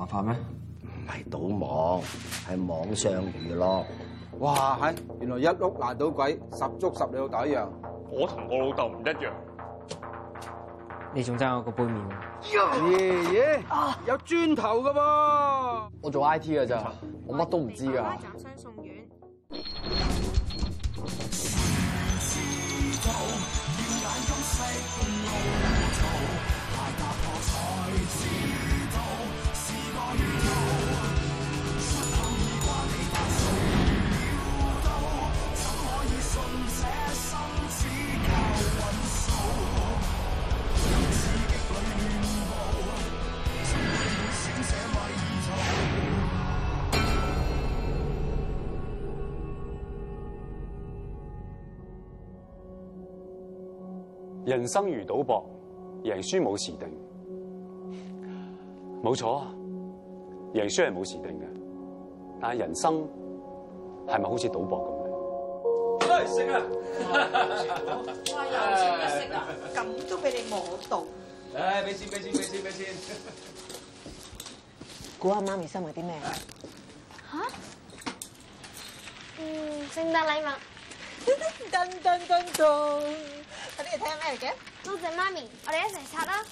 麻煩咩？唔係賭網，係網上娛樂。哇！喺原來一碌爛賭鬼十足十你老豆一樣。我同我老豆唔一樣。你仲爭我個杯麵？爺爺，有磚頭噶噃！我做 I T 噶咋，我乜都唔知噶。啊你 人生如賭博，贏輸冇時定，冇錯啊！贏輸係冇時定嘅，但係人生係咪好似賭博咁咧？都係食啊！哇，有錢得食啊！咁都俾你摸到？嚟，俾錢，俾錢，俾錢，俾錢！估下媽咪收埋啲咩？吓？嗯，聖誕禮物。噔噔噔！阿爹要睇咩嘅？多謝媽咪，我哋一齊拆啦。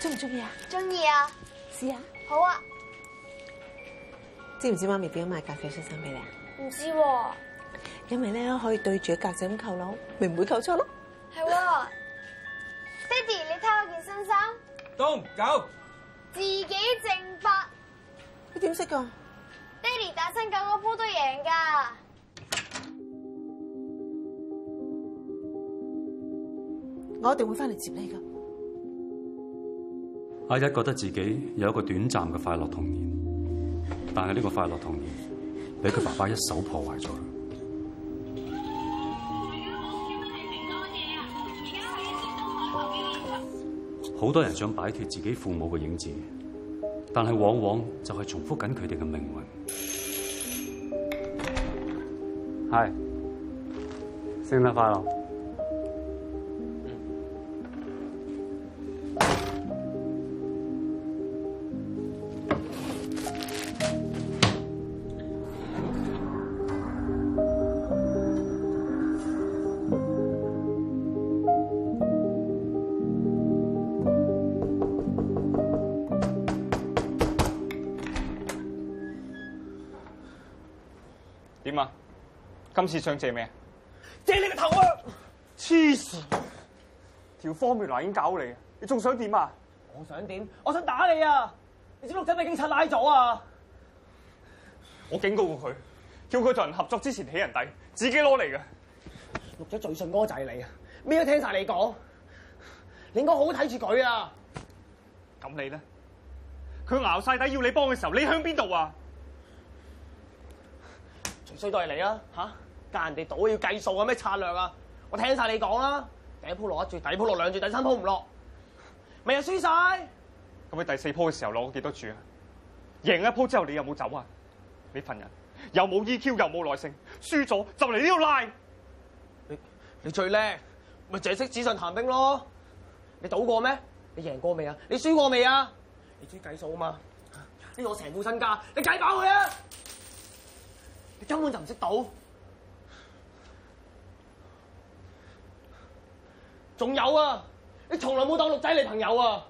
中唔中意啊？中意啊，知媽媽知啊！試吓。好 啊。知唔知媽咪點樣買咖啡新衫俾你啊？唔知。因為咧可以對住格仔咁扣窿，咪唔會扣錯咯。係。爹哋，你睇我件新衫。唔走。自己淨百。你點識噶？爹哋打親九個鋪都贏噶！我一定會翻嚟接你噶。阿一覺得自己有一個短暫嘅快樂童年，但係呢個快樂童年俾佢爸爸一手破壞咗。好多人想擺脱自己父母嘅影子。但係往往就係重複緊佢哋嘅命運，係，聖誕快樂。今次想借咩？借你個頭啊！黐線，條方程式已經搞你，你仲想點啊？我想點？我想打你啊！你知唔知陸仔俾警察拉咗啊？我警告過佢，叫佢同人合作之前起人底，自己攞嚟嘅。陸仔最信哥仔你啊，咩都聽晒你講，你應該好睇住佢啊。咁你咧？佢捱晒底要你幫嘅時候，你向邊度啊？最衰都係你啊？吓、啊？教人哋賭要計數啊，咩策略啊？我聽晒你講啦，第一鋪落一注，第二鋪落兩注，第三鋪唔落，咪又、啊、輸晒！咁你第四鋪嘅時候攞幾多注啊？贏一鋪之後你又有冇走啊？你份人又冇 EQ 又冇耐性，輸咗就嚟呢度賴，你你最叻，咪淨係識紙上談兵咯。你賭過咩？你贏過未啊？你輸過未啊？你知計數啊嘛？呢個我成副身家，你計飽佢啊！你根本就唔識賭。仲有啊！你從來冇當陸仔你朋友啊！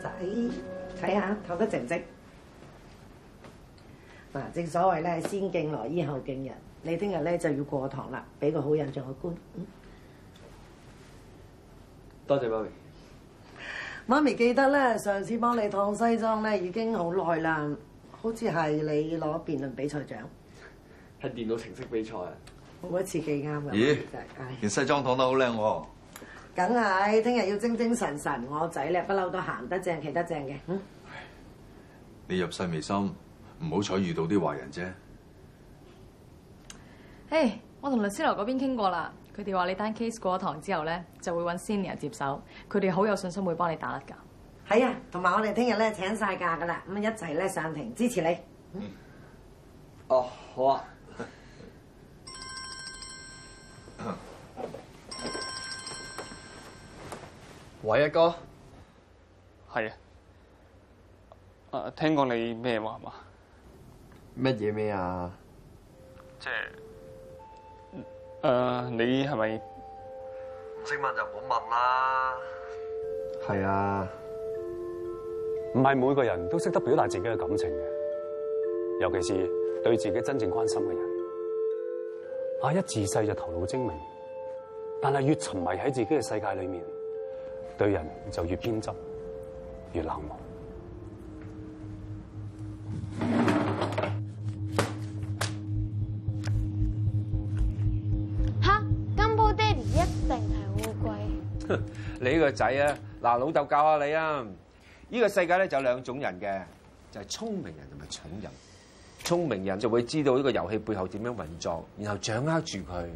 仔，睇下透得正唔正？嗱，正所謂咧，先敬羅衣後敬人。你聽日咧就要過堂啦，俾個好印象個官。嗯。多謝，謝媽咪。媽咪記得咧，上次幫你燙西裝咧已經好耐啦，好似係你攞辯論比賽獎，係電腦程式比賽啊。我嗰次幾啱㗎。咦？件、哎、西裝燙得好靚喎。梗係，聽日要精精神神，我仔咧不嬲都行得正企得正嘅。嗯。你入世未深，唔好彩遇到啲壞人啫。誒、hey，我同律師樓嗰邊傾過啦。佢哋話你單 case 過堂之後咧，就會揾 senior 接手，佢哋好有信心會幫你打甩噶。係啊，同埋我哋聽日咧請晒假噶啦，咁一齊咧暫停支持你，嗯。哦，好啊。喂，一 哥，係啊，誒，聽講你咩話嘛？乜嘢咩啊？即係。誒，uh，你係咪唔識問就唔好問啦？係啊，唔係每個人都識得表達自己嘅感情嘅，尤其是對自己真正關心嘅人。阿一自細就頭腦精明，但係越沉迷喺自己嘅世界裏面，對人就越偏執，越冷漠。你呢個仔啊，嗱老豆教下你啊！呢個世界咧就兩種人嘅，就係聰明人同埋蠢人。聰明人就會知道呢個遊戲背後點樣運作，然後掌握住佢，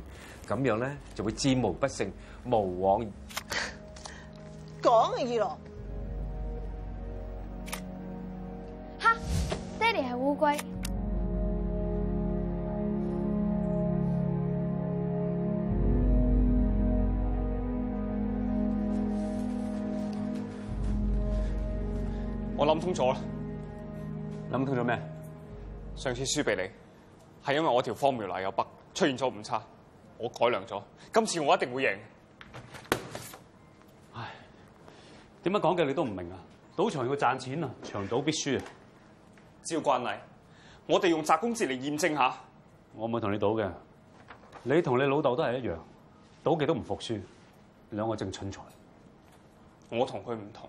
咁樣咧就會戰無不勝，無往。講二郎哈，爹哋係烏龜。諗通咗啦！諗通咗咩？上次輸俾你，係因為我條 formula 嚟有筆，出現咗誤差，我改良咗，今次我一定會贏。唉，點解講嘅你都唔明啊？賭場要賺錢啊，長賭必輸啊！照慣例，我哋用擲公字嚟驗證下。我唔會同你賭嘅，你同你老豆都係一樣，賭極都唔服輸，兩個正蠢材。我同佢唔同。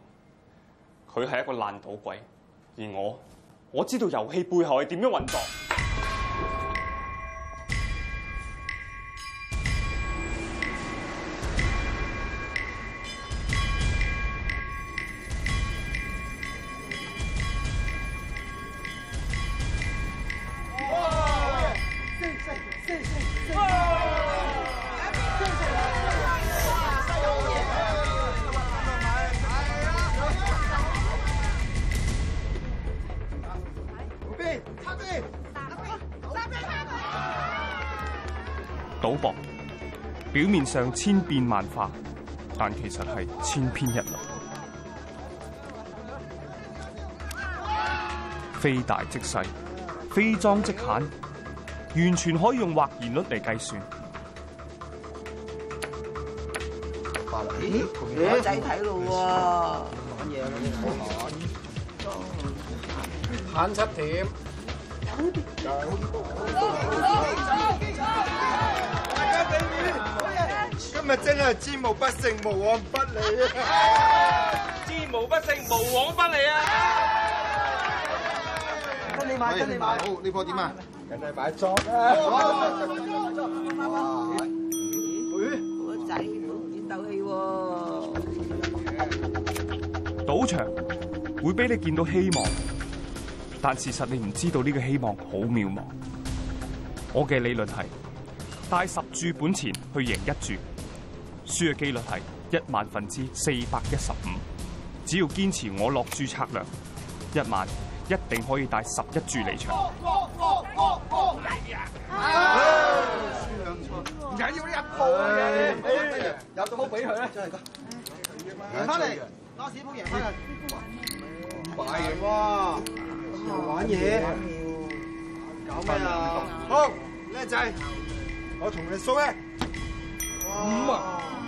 佢係一個爛賭鬼，而我，我知道遊戲背後係點樣運作。賭博表面上千變萬化，但其實係千篇一律、啊，非大即細，非莊即閒、啊，完全可以用或然率嚟計算。仔睇咯喎！玩、欸、嘢，我玩、啊。看插、啊啊啊、點。真係戰無不勝，無往不利啊！戰無不勝，無往不利啊！跟你買，跟你買。買好，呢棵點啊？人哋買莊。咦？個仔好有鬥氣。賭場會俾你見到希望，但事實你唔知道呢個希望好渺茫。我嘅理論係帶十注本錢去贏一注。輸嘅幾率係一萬分之四百一十五，只要堅持我落注策略，一萬一定可以帶十一注離場。唔哥、哎哎哎哎哎哎哎哎、 啊！唔緊要呢一套有咁好俾佢咧？真係噶，翻嚟，攞錢鋪贏翻啦！唔係哇，又玩嘢，搞咩啊，好叻仔，我同你數咧，五啊！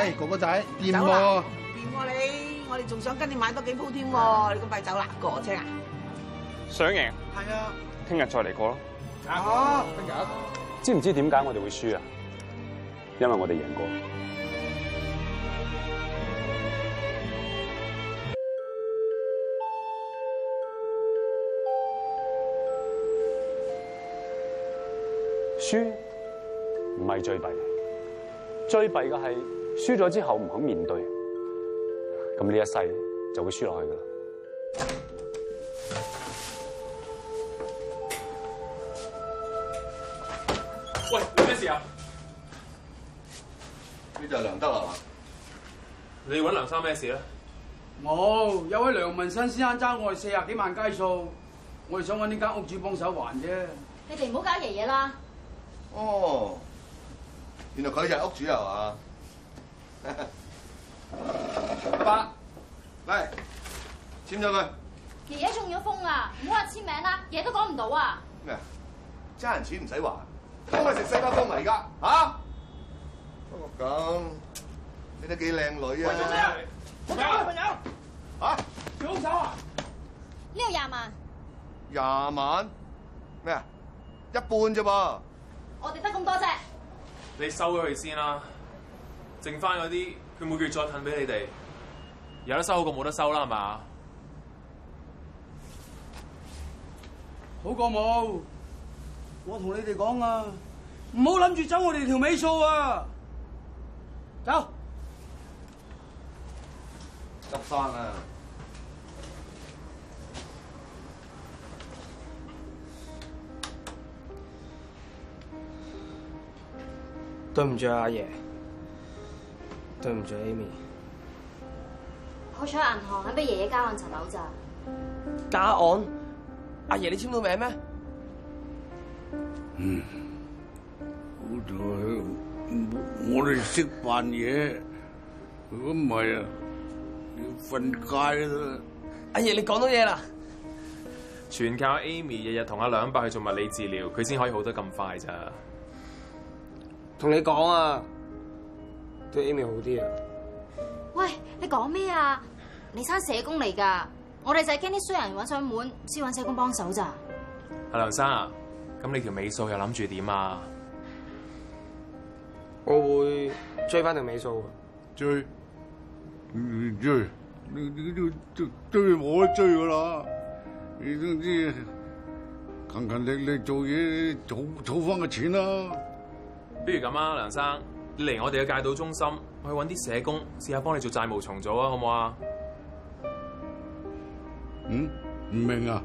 哎，哥哥仔，掂喎，掂喎你，我哋仲想跟你買多幾鋪添喎，你咁快走啦，過我車啊！想贏，係啊，聽日再嚟過咯。啊，聽日，知唔知點解我哋會輸啊？因為我哋贏過，輸唔係最弊，最弊嘅係。輸咗之後唔肯面對，咁呢一世就會輸落去噶啦。喂，你有咩事啊？呢就梁德啊，你揾梁生咩事咧？冇、哦，有位梁文新先生爭我哋四十幾萬雞數，我哋想揾呢間屋主幫手還啫。你哋唔好搞爺爺啦。哦，原來佢就係屋主啊嘛？阿 伯，嚟簽咗佢。爺爺中咗風喇啊，唔好話簽名啦，嘢都講唔到啊。咩？揸人錢唔使還，都係食四方飯嚟噶，吓。不過咁，你都幾靚女啊。我做咩？我走啊。朋友，吓，啊！呢度廿萬。廿萬？咩啊？一半啫噃。我哋得咁多啫。你收咗佢先啦。剩翻嗰啲，佢每個月再褪俾你哋，有得收好過冇得收啦，係嘛？好過冇，我同你哋講啊，唔好諗住走我哋條尾數啊，走。執翻啦，對唔住阿爺。爺對唔住，Amy。好彩銀行爺爺，喺俾爺爺交案層樓咋？加案，阿爺你簽到名咩？嗯，好在我哋識扮嘢， 如果唔係啊，要瞓街啦。阿爺你講到嘢啦，全靠 Amy 日日同阿兩伯去做物理治療，佢先可以好得咁快咋。同你講啊！對 Amy 好啲啊！喂，你講咩啊？你差社工嚟噶，我哋就係驚啲衰人搵上門，先搵社工幫手咋？阿梁生啊，咁你條尾數又諗住點啊？我會追翻條尾數啊！追，追，你你都都追冇得追噶啦！你都知，勤勤力力做嘢，討討翻個錢啦！不如咁啊，梁生。你嚟我哋嘅戒賭中心，去揾啲社工試下幫你做債務重組啊，好唔好啊？嗯，唔明啊？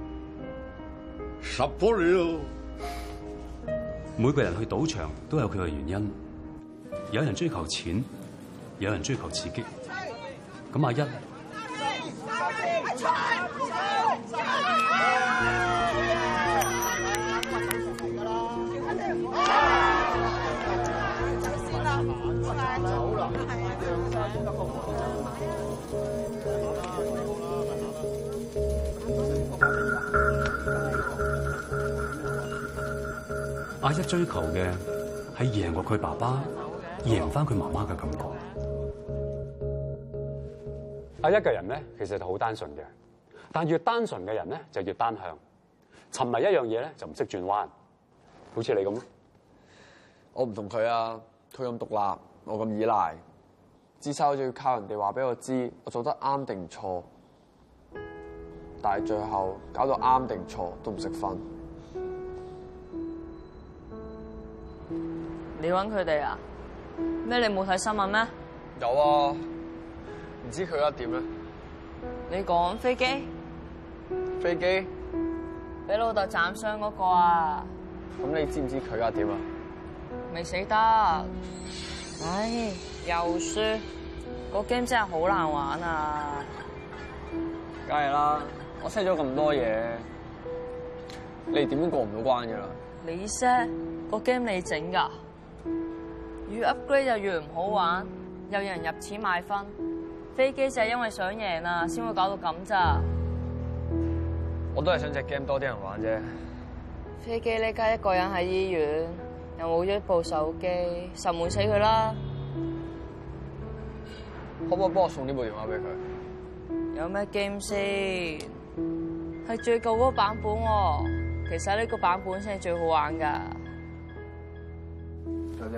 十顆咯。每個人去賭場都有佢嘅原因，有人追求錢，有人追求刺激。咁阿一。阿一追求嘅係贏過佢爸爸，贏返佢媽媽嘅感覺。阿一嘅人咧，其實就好單純嘅，但越單純嘅人咧，就越單向，沉迷一樣嘢咧就唔識轉彎，好似你咁。我唔同佢啊，佢咁獨立，我咁依賴。知識就要靠人哋話俾我知，我做得啱定錯，但係最後搞到啱定錯都唔識分。你揾佢哋啊？咩你冇睇新聞咩？有啊，唔知佢家點啊。你講飛機？飛機？俾老豆斬傷嗰個啊？咁你知唔知佢家點啊？未死得。唉，又輸，個 game 真係好難玩啊！梗係啦，我 set 咗咁多嘢，你哋點都過唔到關噶啦！你 set 個 game 你整噶，越 upgrade 就越唔好玩，又有人入錢買分。飛機就係因為想贏啊，先會搞到咁咋。我都係想隻 game 多啲人玩啫。飛機呢家一個人喺醫院。又冇咗一部手機，實悶死佢啦！可唔可以幫我送呢部電話俾佢？有咩 game 先？係最舊嗰、啊、個版本喎，其實呢個版本先係最好玩噶。小姐，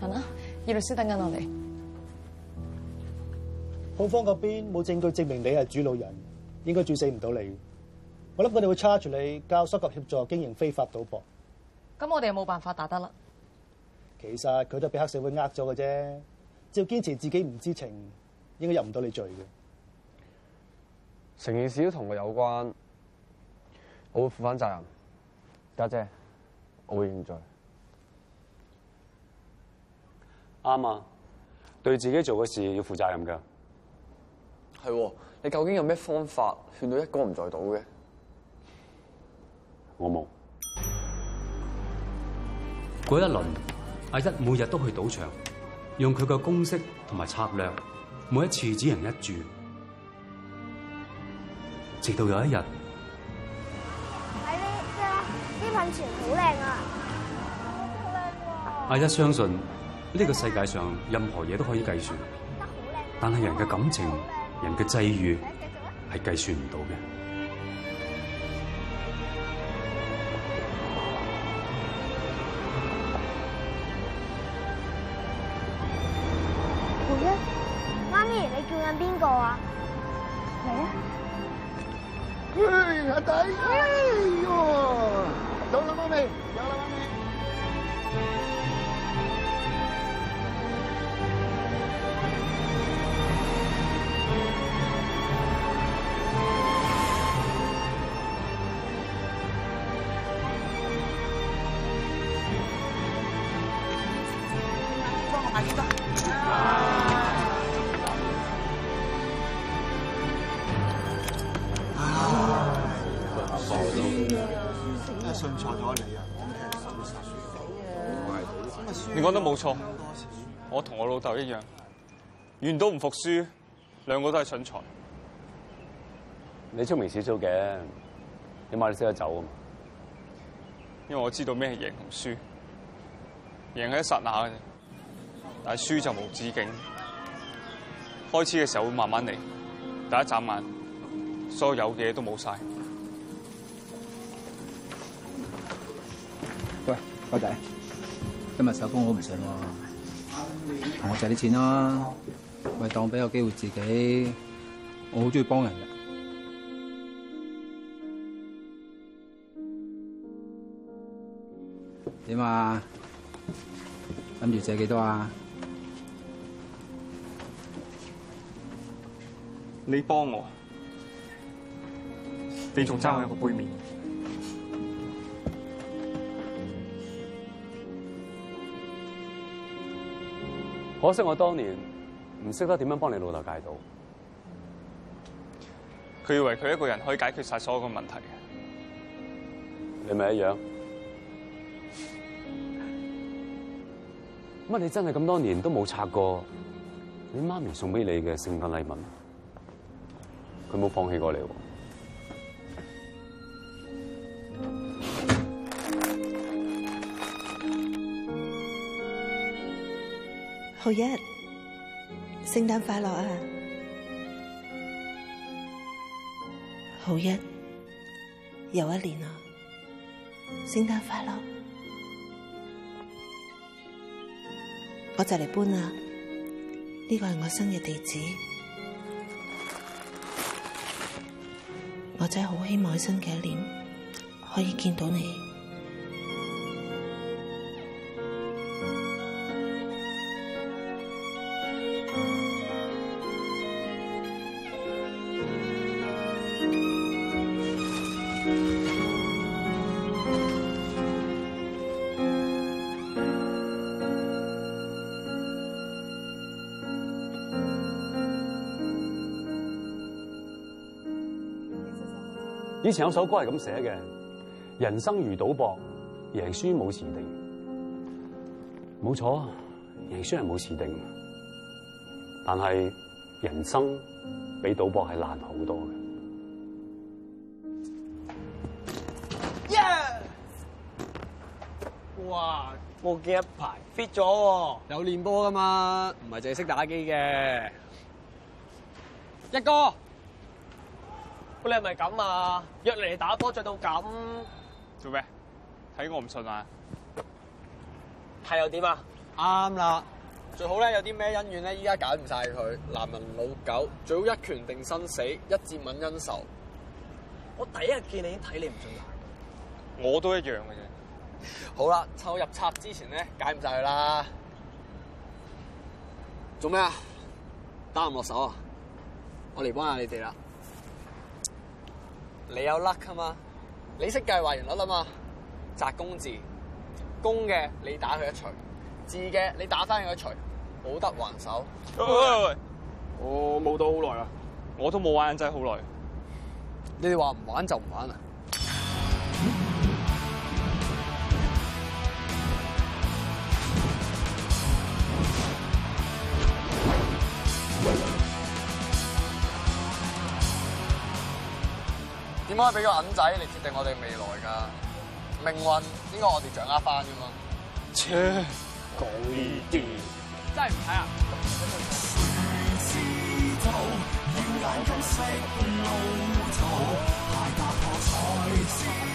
行啦，葉律師等緊我哋。控方嗰邊冇證據證明你係主腦人，應該鑿死唔到你。我諗佢哋會 charge 你教唆及協助經營非法賭博。咁我哋又冇辦法打得啦。其實佢都俾黑社會呃咗嘅啫，只要堅持自己唔知情，應該入唔到你罪嘅。成件事都同我有關，我會負返責任，家姐，姐，我會認罪。啱啊，對自己做嘅事要負責任噶。係，你究竟有咩方法勸到一哥唔再賭嘅？我冇。嗰一輪，阿一每日都去賭場，用佢嘅公式同埋策略，每一次只贏一注，直到有一日。睇啲即係啲噴泉好靚啊！好靚喎！阿一相信呢個世界上任何嘢都可以計算，但係人嘅感情、人嘅際遇係計算唔到嘅。媽咪，你叫緊邊個啊？我。哎，阿弟。哎喲，到啦媽咪，到啦媽咪。信錯咗你啊！我唔聽心你講得冇錯。我同我老豆一樣，願賭唔服輸，兩個都係蠢材。你聰明少少嘅，起碼你識得走啊嘛。因為我知道咩係贏同輸，贏喺一剎那，但係輸就冇止境。開始嘅時候會慢慢嚟，第一眨眼，所有嘢都冇晒。兄弟，今日手風好唔順喎，同我借啲錢咯、啊，咪當俾個機會自己，我好中意幫人嘅。點啊？諗住借幾多啊？你幫我，你仲爭我一個杯麵？可惜我當年唔識得點樣幫你老豆戒賭，佢以為佢一個人可以解決晒所有嘅問題，你咪一樣。乜 你真係咁多年都冇拆過你媽咪送畀你嘅聖誕禮物？佢冇放棄過你。好一，聖誕快樂啊！好一，又一年啊，聖誕快樂！我就嚟搬啦，呢個係我新嘅地址，我真係好希望新嘅一年可以見到你。之前有首歌係咁寫嘅：人生如賭博，贏輸冇時定。冇錯，贏輸係冇時定，但係人生比賭博係難好多嘅。耶！哇！我幾一排 fit 咗喎！有練波㗎嘛？唔係淨係識打機嘅。一哥。你係咪咁啊？約你嚟打波着到咁做咩？睇我唔順眼，係又點啊？啱啦，最好咧有啲咩恩怨咧，依家解唔晒佢，男人老狗，最好一拳定生死，一字泯恩仇。我第一日見你已經睇你唔順眼。我都一樣嘅啫。好啦，趁我入冊之前咧，解唔晒佢啦。做咩啊？打唔落手啊？我嚟幫下你哋啦。你有 luck 嘛？你識計還原率啦嘛？宅公字，公嘅你打佢一錘，字嘅你打翻佢一錘，冇得還手。喂喂喂我冇賭好耐啊我都冇玩真好耐。你哋話唔玩就唔玩啊？唔可以俾個銀仔嚟決定我哋未來㗎，命運呢個、這個、我哋掌握翻㗎嘛？切，講呢啲真係唔睇啊！